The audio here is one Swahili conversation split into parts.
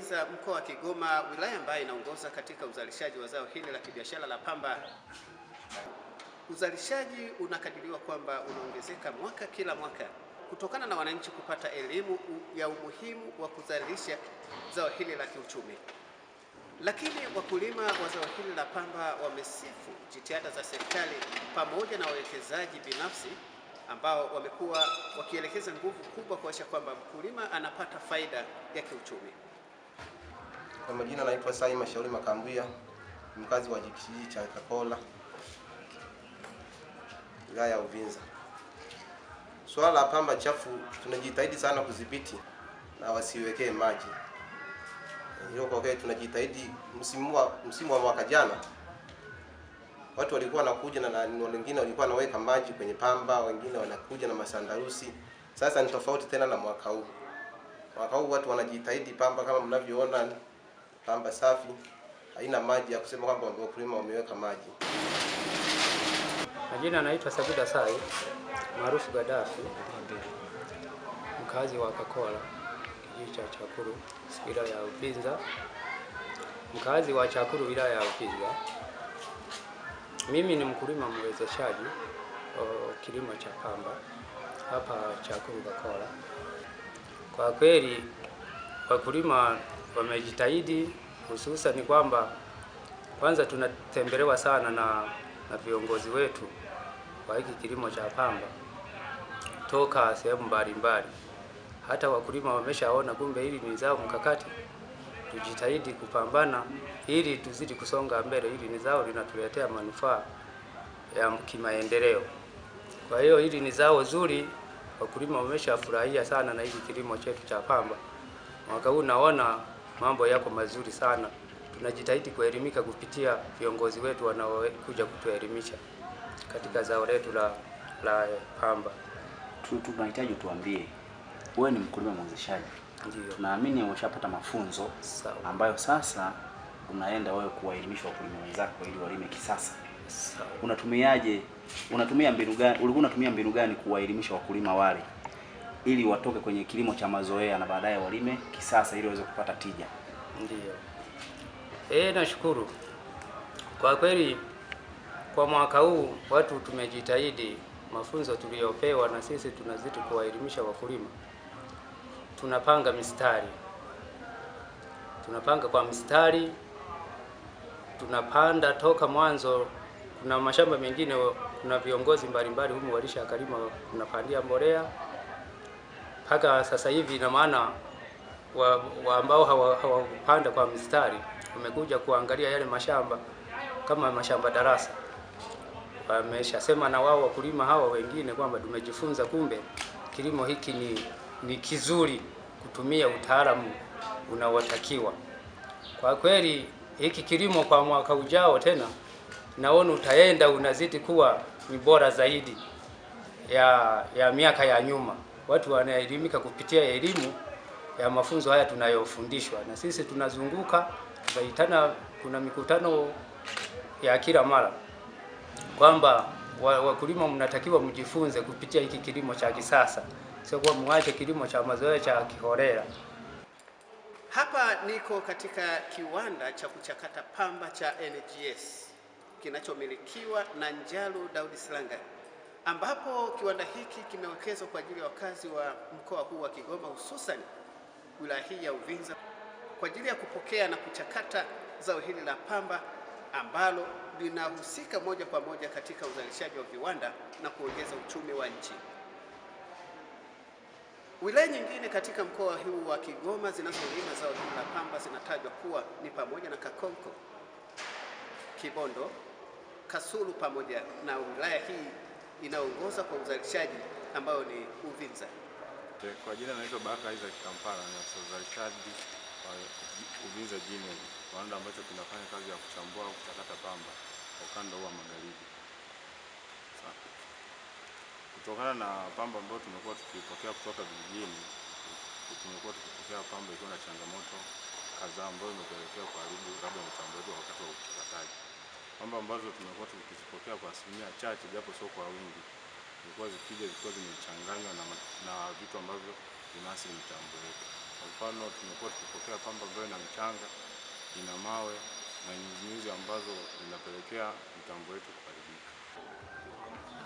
za uh, mkoa wa Kigoma, wilaya ambayo inaongoza katika uzalishaji wa zao hili la kibiashara la pamba. Uzalishaji unakadiriwa kwamba unaongezeka mwaka kila mwaka kutokana na wananchi kupata elimu ya umuhimu wa kuzalisha zao hili la kiuchumi. Lakini wakulima wa zao hili la pamba wamesifu jitihada za serikali pamoja na wawekezaji binafsi ambao wamekuwa wakielekeza nguvu kubwa kuhakikisha kwamba mkulima anapata faida ya kiuchumi. Kwa majina naitwa Sai Mashauri Makambia, mkazi wa kijiji cha Kakola, wilaya ya Uvinza. Swala la pamba chafu tunajitahidi sana kudhibiti na wasiwekee maji hiyo. Kwa kweli tunajitahidi. Msimu wa msimu wa mwaka jana watu walikuwa wanakuja na, na wengine walikuwa wanaweka maji kwenye pamba, wengine wanakuja na masandarusi. Sasa ni tofauti tena na mwaka huu. Mwaka huu watu wanajitahidi pamba kama mnavyoona pamba safi, haina maji ya kusema kwamba wakulima wameweka maji. Majina anaitwa Sabuda Sai maarufu Gadafi, mkazi wa Kakola, kijiji cha Chakuru, wilaya ya Upinza, mkazi wa Chakuru, wilaya ya Upinza. Mimi ni mkulima mwezeshaji wa kilimo cha pamba hapa Chakuru Kakola. Kwa kweli wakulima wamejitahidi, hususan kwamba kwanza tunatembelewa sana na, na viongozi wetu kwa hiki kilimo cha pamba toka sehemu mbalimbali. Hata wakulima wameshaona kumbe hili ni zao mkakati, tujitahidi kupambana ili tuzidi kusonga mbele, hili ni zao linatuletea manufaa ya kimaendeleo. Kwa hiyo hili ni zao zuri, wakulima wameshafurahia sana na hiki kilimo chetu cha pamba. Mwaka huu naona mambo yako mazuri sana. Tunajitahidi kuelimika kupitia viongozi wetu wanaokuja kutuelimisha katika zao letu la, la pamba. Tunahitaji tuambie, wewe ni mkulima mwezeshaji, tunaamini umeshapata mafunzo Sao. ambayo sasa unaenda wewe kuwaelimisha wakulima wenzako ili walime kisasa. Unatumiaje, unatumia mbinu gani, ulikuwa unatumia mbinu gani kuwaelimisha wakulima wale ili watoke kwenye kilimo cha mazoea na baadaye walime kisasa ili waweze kupata tija. Ndiyo. E, nashukuru kwa kweli kwa mwaka huu watu tumejitahidi, mafunzo tuliyopewa na sisi tunazidi kuwaelimisha wakulima. Tunapanga mistari, tunapanga kwa mistari, tunapanda toka mwanzo. Kuna mashamba mengine, kuna viongozi mbalimbali humu akalima tunapandia mbolea mpaka sasa hivi, ina maana wa, wa ambao hawapanda hawa kwa mistari wamekuja kuangalia yale mashamba kama mashamba darasa, wameshasema na wao wakulima hawa wengine kwamba tumejifunza, kumbe kilimo hiki ni, ni kizuri kutumia utaalamu unaotakiwa. Kwa kweli hiki kilimo kwa mwaka ujao tena naona utaenda unazidi kuwa ni bora zaidi ya, ya miaka ya nyuma watu wanaelimika kupitia elimu ya mafunzo haya tunayofundishwa, na sisi tunazunguka tunaitana, kuna mikutano ya kila mara kwamba wakulima mnatakiwa mjifunze kupitia hiki kilimo cha kisasa, sio kwa mwache kilimo cha mazoea cha kiholela. Hapa niko katika kiwanda cha kuchakata pamba cha NGS kinachomilikiwa na Njalo Daudi Silanga ambapo kiwanda hiki kimewekezwa kwa ajili ya wakazi wa mkoa huu wa Kigoma, hususan wilaya hii ya Uvinza kwa ajili ya kupokea na kuchakata zao hili la pamba ambalo linahusika moja kwa moja katika uzalishaji wa viwanda na kuongeza uchumi wa nchi. Wilaya nyingine katika mkoa huu wa Kigoma zinazolima zao hili la pamba zinatajwa kuwa ni pamoja na Kakonko, Kibondo, Kasulu pamoja na wilaya hii inaongoza kwa uzalishaji ambayo ni Uvinza. Kwa jina naitwa Baraka Isaac Kampala, ni afisa uzalishaji wa Uvinza Jimeli, kiwanda ambacho kinafanya kazi ya kuchambua au kuchakata pamba kwa ukanda huu wa magharibi. Kutokana na pamba ambayo tumekuwa tukipokea kutoka vijijini, tumekuwa tukipokea pamba ikiwa na changamoto kadhaa ambayo imepelekea kwa kwamba ambazo tunakuwa tukizipokea kwa asilimia chache, japo sio kwa wingi, zilikuwa zikija zilikuwa zimechanganywa na, na vitu ambavyo vinasi mtambo yetu. Kwa mfano tumekuwa tukipokea pamba ambayo ina mchanga, ina mawe na nyuzinyuzi ambazo zinapelekea mtambo yetu kuharibika.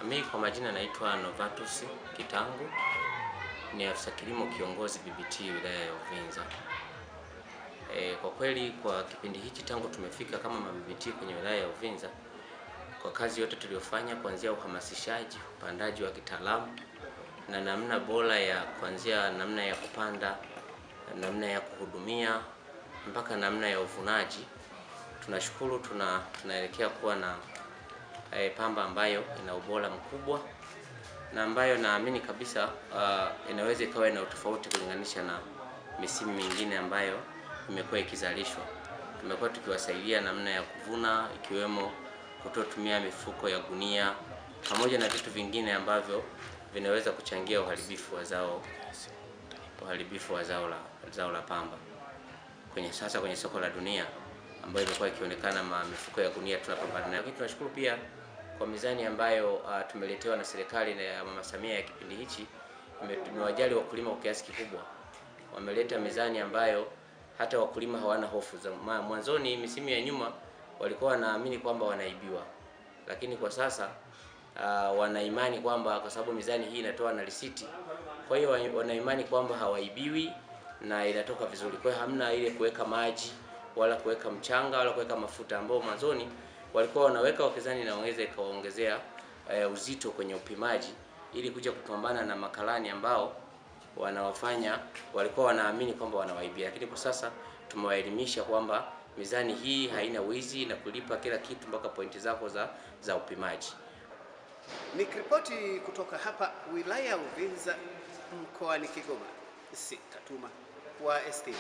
Mimi kwa majina naitwa Novatus Kitangu, ni afisa kilimo kiongozi BBT wilaya ya Uvinza. Kwa kweli kwa kipindi hichi tangu tumefika kama MAMBT kwenye wilaya ya Uvinza, kwa kazi yote tuliyofanya kuanzia uhamasishaji, upandaji wa kitaalamu na namna bora ya kuanzia namna ya kupanda, namna ya kuhudumia mpaka namna ya uvunaji, tunashukuru tuna, tunaelekea kuwa na eh, pamba ambayo ina ubora mkubwa na ambayo naamini kabisa uh, inaweza ikawa na utofauti kulinganisha na misimu mingine ambayo imekuwa ikizalishwa. Tumekuwa tukiwasaidia namna ya kuvuna, ikiwemo kutotumia mifuko ya gunia pamoja na vitu vingine ambavyo vinaweza kuchangia uharibifu wa zao uharibifu wa zao la, zao la pamba kwenye sasa kwenye soko la dunia ambayo imekuwa ikionekana mifuko ya gunia tunapambana nayo. tunashukuru pia kwa mizani ambayo uh, tumeletewa na serikali na ya Mama Samia ya kipindi hichi imewajali wakulima kwa kiasi kikubwa, wameleta mizani ambayo hata wakulima hawana hofu za mwanzoni. Misimu ya nyuma walikuwa wanaamini kwamba wanaibiwa, lakini kwa sasa uh, wanaimani kwamba kwa sababu mizani hii inatoa na risiti, kwa hiyo wanaimani kwamba hawaibiwi na inatoka vizuri. Kwa hiyo hamna ile kuweka maji wala kuweka mchanga wala kuweka mafuta ambao mwanzoni walikuwa wanaweka wakizani inaweza ikawaongezea uh, uzito kwenye upimaji ili kuja kupambana na makalani ambao wanawafanya walikuwa wanaamini kwamba wanawaibia, lakini kwa sasa tumewaelimisha kwamba mizani hii haina wizi na kulipa kila kitu mpaka pointi zako za, za upimaji. Nikiripoti kutoka hapa wilaya ya Uvinza mkoani Kigoma, Sikatuma wa STV.